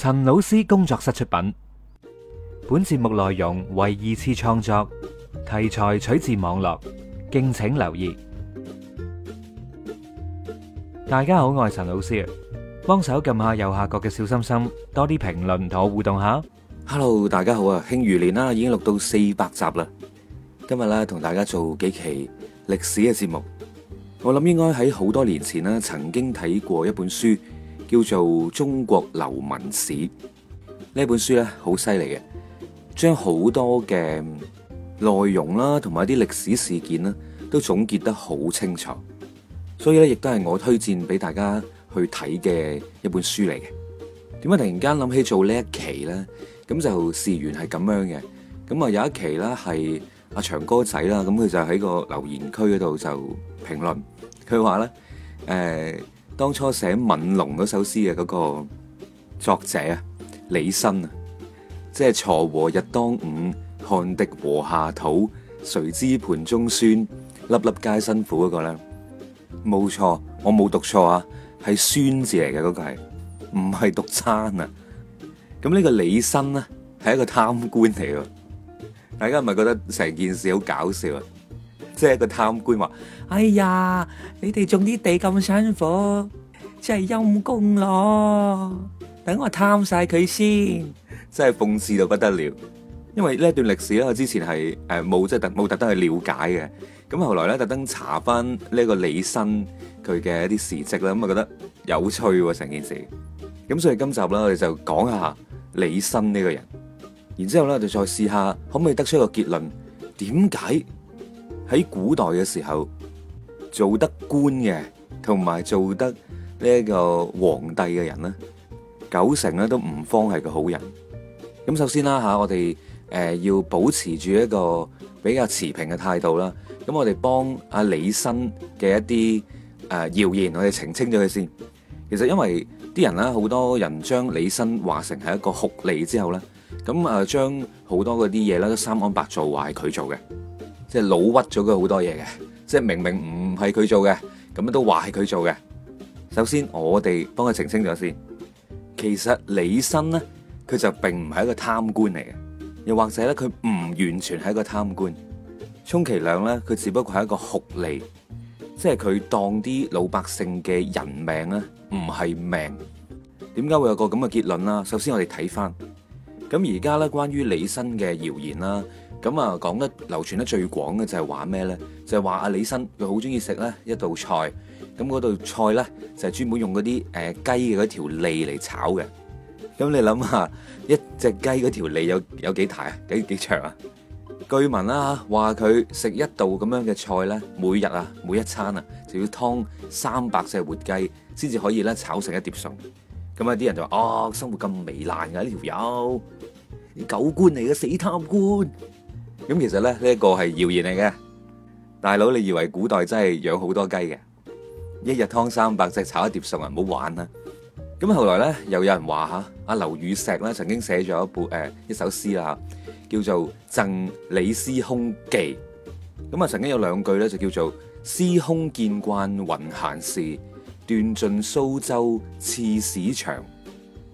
陳老師工作室出品，本節目內容為二次創作，題材取自網絡，敬請留意。大家好，我係陳老師，幫手撳下右下角嘅小心心，多啲評論同我互動下。Hello，大家好啊，慶餘年啦，已經錄到四百集啦，今日咧同大家做幾期歷史嘅節目。我諗應該喺好多年前曾經睇過一本書。叫做《中國流民史》，呢本書咧，好犀利嘅，將好多嘅內容啦，同埋啲歷史事件啦，都總結得好清楚。所以咧，亦都係我推薦俾大家去睇嘅一本書嚟嘅。點解突然間諗起做呢一期咧？咁就事緣係咁樣嘅。咁啊，有一期啦，係阿長哥仔啦，咁佢就喺個留言區嗰度就評論，佢話咧，誒、呃。當初寫《憫農》嗰首詩嘅嗰個作者啊，李紳啊，即係鋤禾日當午，汗滴禾下土，誰知盤中酸，粒粒皆辛苦嗰個咧，冇錯，我冇讀錯啊，係酸字嚟嘅嗰個係，唔係讀餐啊。咁呢個李紳咧，係一個貪官嚟嘅，大家係咪覺得成件事好搞笑啊？即係個貪官話，哎呀，你哋種啲地咁辛苦，真係陰功咯！等我貪晒佢先，真係諷刺到不得了。因為呢一段歷史咧，我之前係誒冇即係特冇特登去了解嘅。咁後來咧，特登查返呢個李紳佢嘅一啲事蹟咧，咁啊覺得有趣喎成件事。咁所以今集啦，我哋就講下李紳呢個人。然之後咧，就再試下可唔可以得出一個結論？點解？喺古代嘅時候，做得官嘅同埋做得呢一個皇帝嘅人咧，九成咧都唔方係個好人。咁首先啦吓，我哋誒要保持住一個比較持平嘅態度啦。咁我哋幫阿李紳嘅一啲誒謠言，我哋澄清咗佢先。其實因為啲人咧，好多人將李紳話成係一個酷吏之後咧，咁啊將好多嗰啲嘢咧，都三安白做話係佢做嘅。即係老屈咗佢好多嘢嘅，即係明明唔係佢做嘅，咁樣都話係佢做嘅。首先，我哋幫佢澄清咗先。其實李新咧，佢就並唔係一個貪官嚟嘅，又或者咧，佢唔完全係一個貪官，充其量咧，佢只不過係一個酷吏，即係佢當啲老百姓嘅人命咧，唔係命。點解會有個咁嘅結論啦？首先我們看看，我哋睇翻咁而家咧，關於李新嘅謠言啦。咁啊，講得流傳得最廣嘅就係話咩咧？就係話阿李生佢好中意食咧一道菜，咁嗰道菜咧就係、是、專門用嗰啲誒雞嘅嗰條脷嚟炒嘅。咁你諗下，一隻雞嗰條脷有有幾大啊？幾幾長啊？據聞啊，話佢食一道咁樣嘅菜咧，每日啊每一餐啊就要劏三百隻活雞先至可以咧炒成一碟餸。咁啊啲人就話：哦，生活咁糜爛噶呢條友，啲、這個、狗官嚟嘅，死貪官！咁其實咧呢一、這個係謠言嚟嘅，大佬你以為古代真係養好多雞嘅？一日湯三百隻炒一碟熟啊，唔好玩啦！咁後來咧又有人話吓，阿劉禹錫咧曾經寫咗一部誒、呃、一首詩啦，叫做《贈李司空記》。咁啊曾經有兩句咧就叫做“司空見慣云閒事，斷盡蘇州刺史腸”。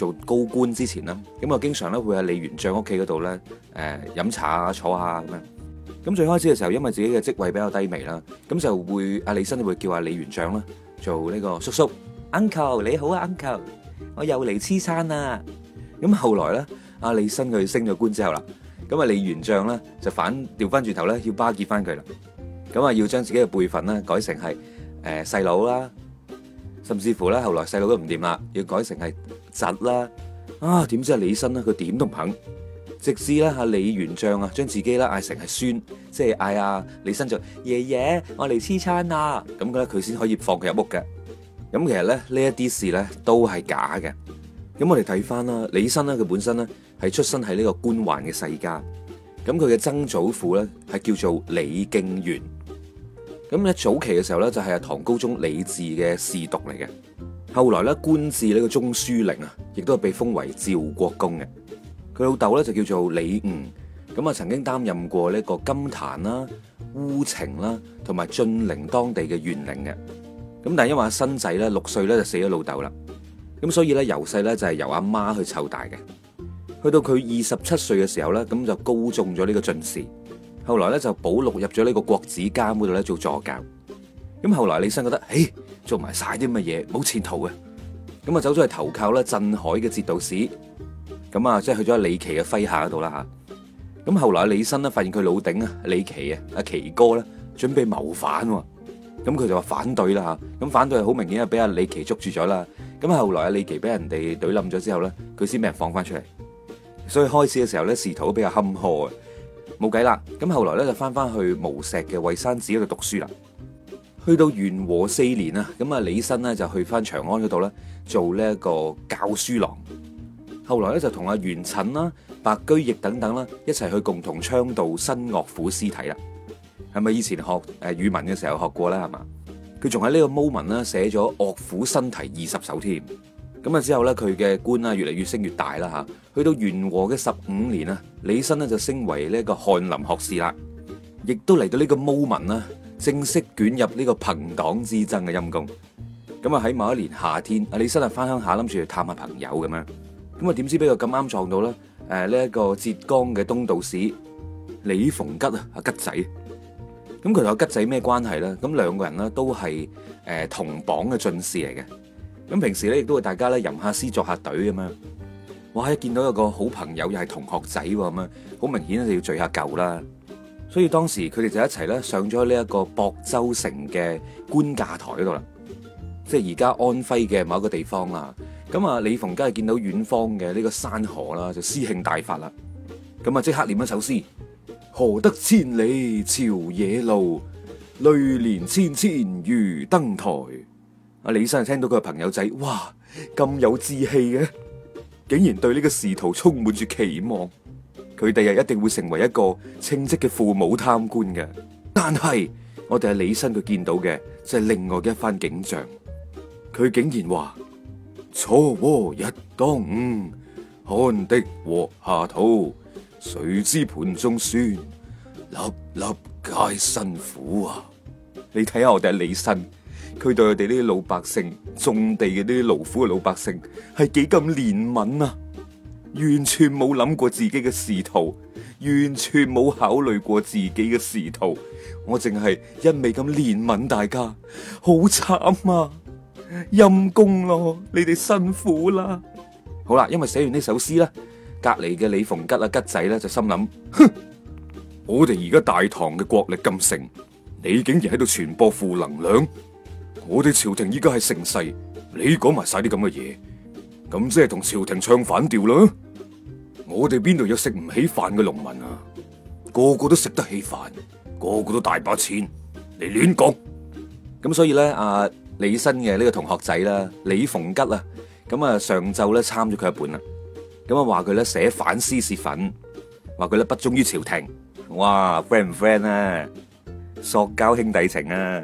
做高官之前啦，咁啊經常咧會喺李元將屋企嗰度咧，誒、呃、飲茶啊坐下。咁樣。咁最開始嘅時候，因為自己嘅職位比較低微啦，咁就會阿李紳會叫阿李元將啦做呢個叔叔。Uncle 你好啊，Uncle，我又嚟黐餐啦。咁後來咧，阿李紳佢升咗官之後啦，咁啊李元將咧就反調翻轉頭咧要巴結翻佢啦。咁啊要將自己嘅輩分咧改成係誒細佬啦。甚至乎咧，後來細路都唔掂啦，要改成係侄啦。啊，點知阿李紳咧，佢點都唔肯，直至咧阿李元將啊，將自己咧嗌成係孫，即係嗌阿李紳就「爺爺，我嚟黐餐啦」。咁咧，佢先可以放佢入屋嘅。咁其實咧，呢一啲事咧都係假嘅。咁我哋睇翻啦，李紳咧，佢本身咧係出生喺呢個官宦嘅世家。咁佢嘅曾祖父咧係叫做李敬元。.咁咧早期嘅時候咧，就係阿唐高宗李治嘅侍讀嚟嘅。後來咧官至呢個中書令啊，亦都係被封為趙國公嘅。佢老豆咧就叫做李悟，咁啊曾經擔任過呢個金壇啦、烏程啦同埋晉陵當地嘅縣令嘅。咁但係因為阿新仔咧六歲咧就死咗老豆啦，咁所以咧由細咧就係由阿媽去湊大嘅。去到佢二十七歲嘅時候咧，咁就高中咗呢個進士。後來咧就補錄入咗呢個國子監嗰度咧做助教，咁後來李生覺得，誒做埋晒啲乜嘢冇前途嘅。咁啊走咗去投靠啦鎮海嘅節度使，咁啊即係去咗李琦嘅麾下嗰度啦，吓，咁後來李生呢發現佢老頂啊李琦啊阿奇哥咧準備謀反，咁佢就話反對啦，吓，咁反對係好明顯啊俾阿李琦捉住咗啦，咁後來阿李琦俾人哋懟冧咗之後咧，佢先俾人放翻出嚟，所以開始嘅時候咧仕途都比較坎坷啊。冇計啦，咁後來咧就翻翻去無錫嘅惠山寺嗰度讀書啦。去到元和四年啦，咁啊李紳咧就去翻長安嗰度咧做呢一個教書郎。後來咧就同阿元稹啦、白居易等等啦一齊去共同倡導新樂府詩體啦。係咪以前學誒語文嘅時候學過咧？係嘛，佢仲喺呢個 moment 咧寫咗《樂府新題》二十首添。咁啊！之後咧，佢嘅官啊，越嚟越升越大啦吓，去到元和嘅十五年啊，李紳咧就升為呢一個翰林學士啦，亦都嚟到呢個 moment 啦，正式捲入呢個朋黨之爭嘅陰功。咁啊，喺某一年夏天，阿李紳啊翻鄉下諗住去探下朋友咁樣，咁啊點知俾佢咁啱撞到咧？誒，呢一個浙江嘅東道使李逢吉啊，阿吉仔。咁佢同阿吉仔咩關係咧？咁兩個人咧都係誒同榜嘅進士嚟嘅。咁平時咧，亦都會大家咧吟下詩作下對咁樣。哇！見到有個好朋友又係同學仔咁樣，好明顯就要聚下舊啦。所以當時佢哋就一齊咧上咗呢一個亳州城嘅觀稼台嗰度啦，即係而家安徽嘅某一個地方啦。咁啊，李逢吉係見到遠方嘅呢個山河啦，就詩興大發啦。咁啊，即刻念一首詩：何得千里朝野路，淚連千千如登台。阿李生聽到佢嘅朋友仔，哇，咁有志氣嘅，啊，竟然對呢個仕途充滿住期望，佢第日一定會成為一個稱職嘅父母貪官嘅。但係我哋係李生，佢見到嘅就係、是、另外嘅一番景象，佢竟然話：，鋤、嗯、禾日當午，汗滴禾下土，誰知盤中酸，粒粒皆辛苦啊！你睇下我哋係李生。佢對我哋呢啲老百姓種地嘅呢啲勞苦嘅老百姓係幾咁憐憫啊？完全冇諗過自己嘅仕途，完全冇考慮過自己嘅仕途。我淨係一味咁憐憫大家，好慘啊！陰公咯，你哋辛苦啦。好啦，因為寫完呢首詩咧，隔籬嘅李逢吉啦，吉仔咧就心諗，哼，我哋而家大唐嘅國力咁盛，你竟然喺度傳播負能量。我哋朝廷依家係盛世，你講埋晒啲咁嘅嘢，咁即係同朝廷唱反調啦。我哋邊度有食唔起飯嘅農民啊？個個都食得起飯，個個都大把錢，你亂講。咁所以咧，阿、啊、李新嘅呢個同學仔啦，李逢吉啊，咁啊上晝咧參咗佢一本啦。咁啊話佢咧寫反詩泄憤，話佢咧不忠於朝廷。哇，friend 唔 friend 啊？塑膠兄弟情啊！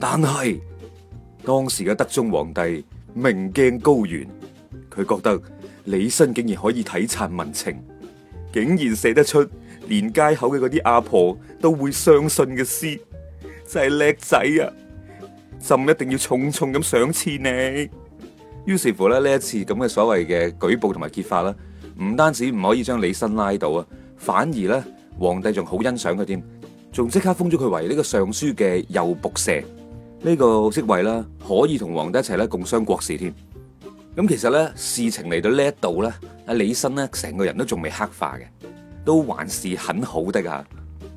但係。當時嘅德宗皇帝明鏡高懸，佢覺得李紳竟然可以體察民情，竟然寫得出連街口嘅嗰啲阿婆都會相信嘅詩，真係叻仔啊！朕一定要重重咁賞賜你。於是乎咧，呢一次咁嘅所謂嘅舉報同埋揭發啦，唔單止唔可以將李紳拉到啊，反而咧皇帝仲好欣賞佢添，仲即刻封咗佢為呢個尚書嘅右僕射。呢、這個職位啦，可以同皇帝一齊咧共商國事添。咁其實咧，事情嚟到呢一度咧，阿李新咧成個人都仲未黑化嘅，都還是很好的吓。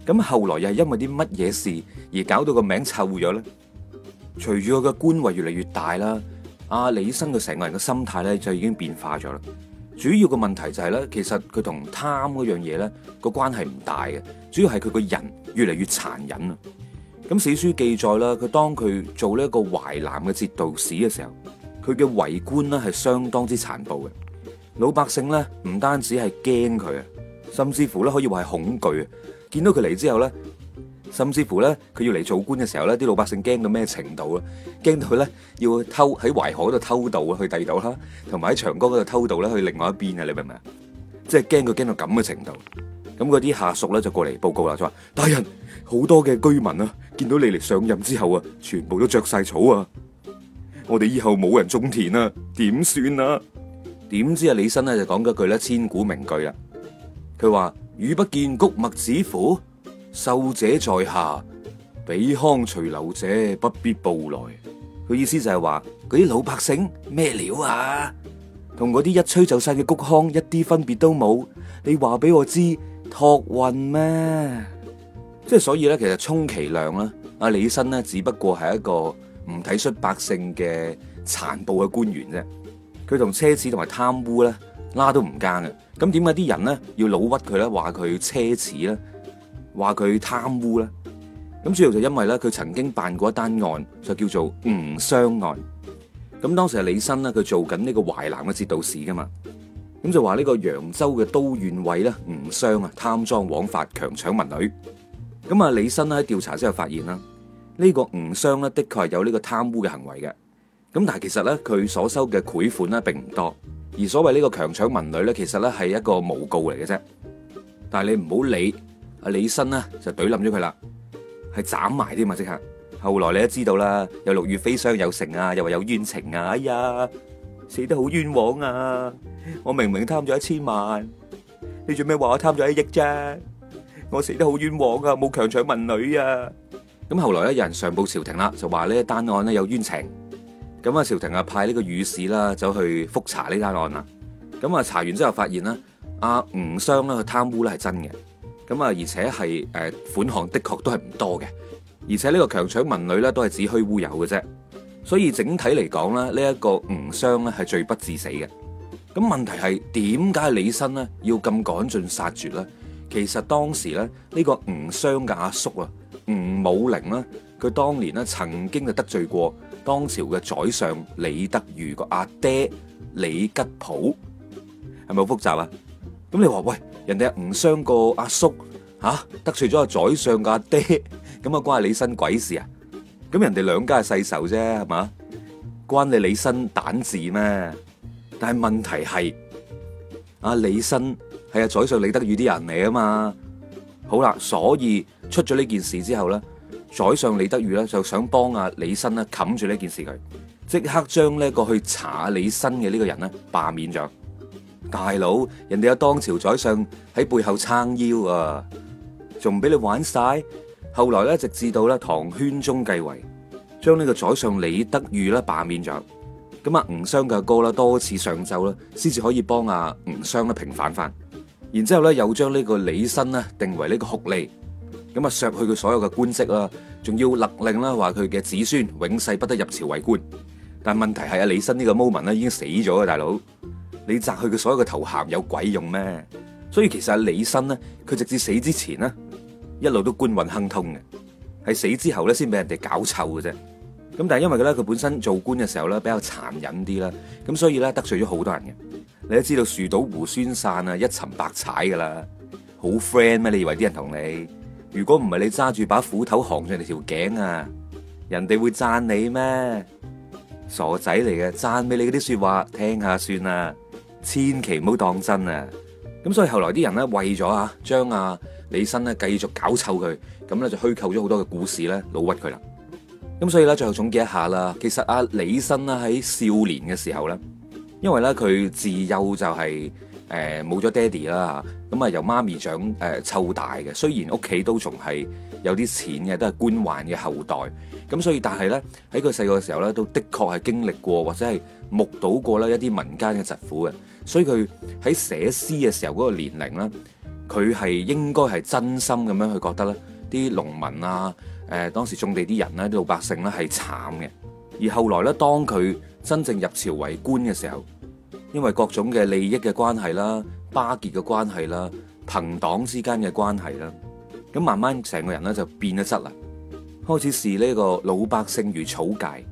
咁後來又係因為啲乜嘢事而搞到個名臭咗咧？隨住佢嘅官位越嚟越大啦，阿李紳嘅成個人嘅心態咧就已經變化咗啦。主要嘅問題就係、是、咧，其實佢同貪嗰樣嘢咧個關係唔大嘅，主要係佢個人越嚟越殘忍啊。咁史書記載啦，佢當佢做呢一個淮南嘅節度使嘅時候，佢嘅為官咧係相當之殘暴嘅，老百姓咧唔單止係驚佢，甚至乎咧可以話係恐懼。見到佢嚟之後咧，甚至乎咧佢要嚟做官嘅時候咧，啲老百姓驚到咩程度啊？驚到佢咧要偷喺淮河嗰度偷渡去地道啦，同埋喺長江嗰度偷渡咧去另外一邊啊！你明唔明啊？即係驚佢驚到咁嘅程度。咁嗰啲下屬咧就過嚟報告啦，就話大人好多嘅居民啊！見到你嚟上任之後啊，全部都着晒草啊！我哋以後冇人種田啊，點算啊？點知啊李生咧就講咗句咧千古名句啦，佢話：雨不見谷麥子乎？秀者在下，秕糠隨流者不必暴來。佢意思就係話，嗰啲老百姓咩料啊？同嗰啲一吹就散嘅谷糠一啲分別都冇。你話俾我知托運咩？即係所以咧，其實充其量咧，阿李新咧只不過係一個唔體恤百姓嘅殘暴嘅官員啫。佢同奢侈同埋貪污咧拉都唔奸嘅。咁點解啲人咧要老屈佢咧，話佢奢侈咧，話佢貪污咧？咁主要就因為咧，佢曾經辦過一單案，就叫做吳雙案。咁當時係李紳咧，佢做緊呢個淮南嘅節度使噶嘛。咁就話呢個揚州嘅都縣尉咧，吳湘啊貪贓枉法，強搶民女。咁啊，李紳咧喺調查之後發現啦，呢個吳湘咧的確係有呢個貪污嘅行為嘅。咁但係其實咧佢所收嘅賄款咧並唔多，而所謂呢個強搶民女咧，其實咧係一個誣告嚟嘅啫。但係你唔好理，阿李紳咧就懟冧咗佢啦，係斬埋添啊！即刻，後來你都知道啦，有六月飛霜有成啊，又話有冤情啊，哎呀，死得好冤枉啊！我明明貪咗一千萬，你做咩話我貪咗一億啫？我死得好冤枉啊！冇強搶民女啊！咁後來咧，有人上報朝廷啦，就話呢一單案呢有冤情。咁啊，朝廷啊派呢個御史啦，走去複查呢單案啦。咁啊，查完之後發現咧，阿吳雙咧貪污咧係真嘅。咁啊，而且係誒款項的確都係唔多嘅。而且呢個強搶民女咧都係子虛烏有嘅啫。所以整體嚟講咧，呢、這、一個吳雙咧係罪不至死嘅。咁問題係點解李新呢要咁趕盡殺絕咧？其實當時咧，呢、這個吳湘嘅阿叔啊，吳武陵啊，佢當年咧曾經就得罪過當朝嘅宰相李德裕個阿爹李吉甫，係咪好複雜啊？咁你話喂，人哋阿吳湘個阿叔嚇、啊、得罪咗阿宰相個阿爹，咁啊關李紳鬼事啊？咁人哋兩家係世仇啫，係嘛？關你李紳蛋事咩？但係問題係阿李紳。啊你身係啊，宰相李德裕啲人嚟啊嘛，好啦，所以出咗呢件事之後咧，宰相李德裕咧就想幫阿李紳咧冚住呢件事佢，即刻將呢個去查阿李紳嘅呢個人咧罷免咗。大佬，人哋有當朝宰相喺背後撐腰啊，仲唔俾你玩晒。後來咧，直至到咧唐宣宗繼位，將呢個宰相李德裕咧罷免咗。咁阿吳湘嘅哥啦，多次上奏啦，先至可以幫阿吳湘咧平反翻。然之後咧，又將呢個李紳呢定為呢個酷吏，咁啊削去佢所有嘅官職啦，仲要勒令啦話佢嘅子孫永世不得入朝為官。但問題係啊，李紳呢個 moment 咧已經死咗嘅，大佬，你摘去佢所有嘅頭銜有鬼用咩？所以其實啊，李紳咧佢直至死之前呢一路都官運亨通嘅，係死之後咧先俾人哋搞臭嘅啫。咁但係因為咧佢本身做官嘅時候咧比較殘忍啲啦，咁所以咧得罪咗好多人嘅。你都知道樹倒猢猻散啊，一沉百踩噶啦，好 friend 咩？你以為啲人同你？如果唔係你揸住把斧頭行上你條頸啊，人哋會讚你咩？傻仔嚟嘅，讚俾你嗰啲說話聽下算啦，千祈唔好當真啊！咁所以後來啲人咧為咗啊，將啊李紳咧繼續搞臭佢，咁咧就虛構咗好多嘅故事咧，老屈佢啦。咁所以咧最後總結一下啦，其實阿李紳啦喺少年嘅時候咧。因為呢，佢自幼就係誒冇咗爹哋啦，咁、呃、啊由媽咪長誒湊、呃、大嘅。雖然屋企都仲係有啲錢嘅，都係官宦嘅後代，咁所以但係呢，喺佢細個嘅時候呢，都的確係經歷過或者係目睹過呢一啲民間嘅疾苦嘅。所以佢喺寫詩嘅時候嗰個年齡呢，佢係應該係真心咁樣去覺得呢啲農民啊，誒、呃、當時種地啲人呢，啲老百姓呢係慘嘅。而後來呢，當佢真正入朝為官嘅時候，因為各種嘅利益嘅關係啦、巴結嘅關係啦、朋黨之間嘅關係啦，咁慢慢成個人咧就變咗質啦，開始視呢個老百姓如草芥，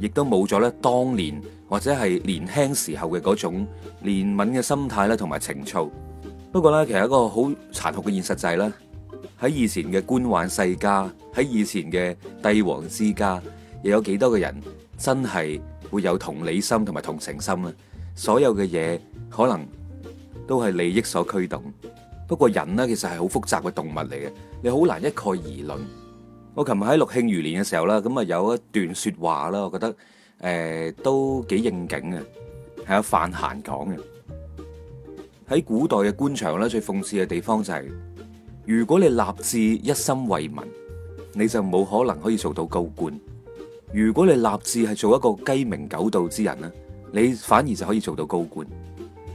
亦都冇咗咧當年或者係年輕時候嘅嗰種憐憫嘅心態啦，同埋情操。不過咧，其實一個好殘酷嘅現實就係咧，喺以前嘅官宦世家，喺以前嘅帝王之家，又有幾多個人真係，會有同理心同埋同情心啦，所有嘅嘢可能都係利益所驅動。不過人呢，其實係好複雜嘅動物嚟嘅，你好難一概而論。我琴日喺六慶餘年嘅時候啦，咁啊有一段說話啦，我覺得誒都幾應景嘅，係阿范閒講嘅。喺古代嘅官場咧，最諷刺嘅地方就係，如果你立志一心為民，你就冇可能可以做到高官。如果你立志係做一個雞鳴狗盜之人咧，你反而就可以做到高官。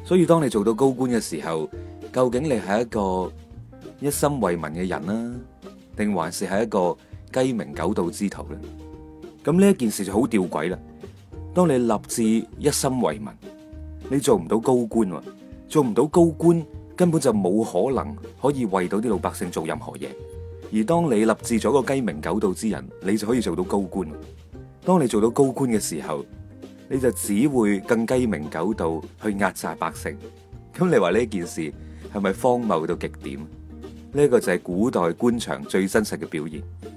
所以當你做到高官嘅時候，究竟你係一個一心為民嘅人啦，定還是係一個雞鳴狗盜之徒咧？咁呢一件事就好弔詭啦。當你立志一心為民，你做唔到高官喎，做唔到高官根本就冇可能可以為到啲老百姓做任何嘢。而當你立志咗個雞鳴狗盜之人，你就可以做到高官。當你做到高官嘅時候，你就只會更雞鳴狗盜去壓榨百姓。咁你話呢件事係咪荒謬到極點？呢個就係古代官場最真實嘅表現。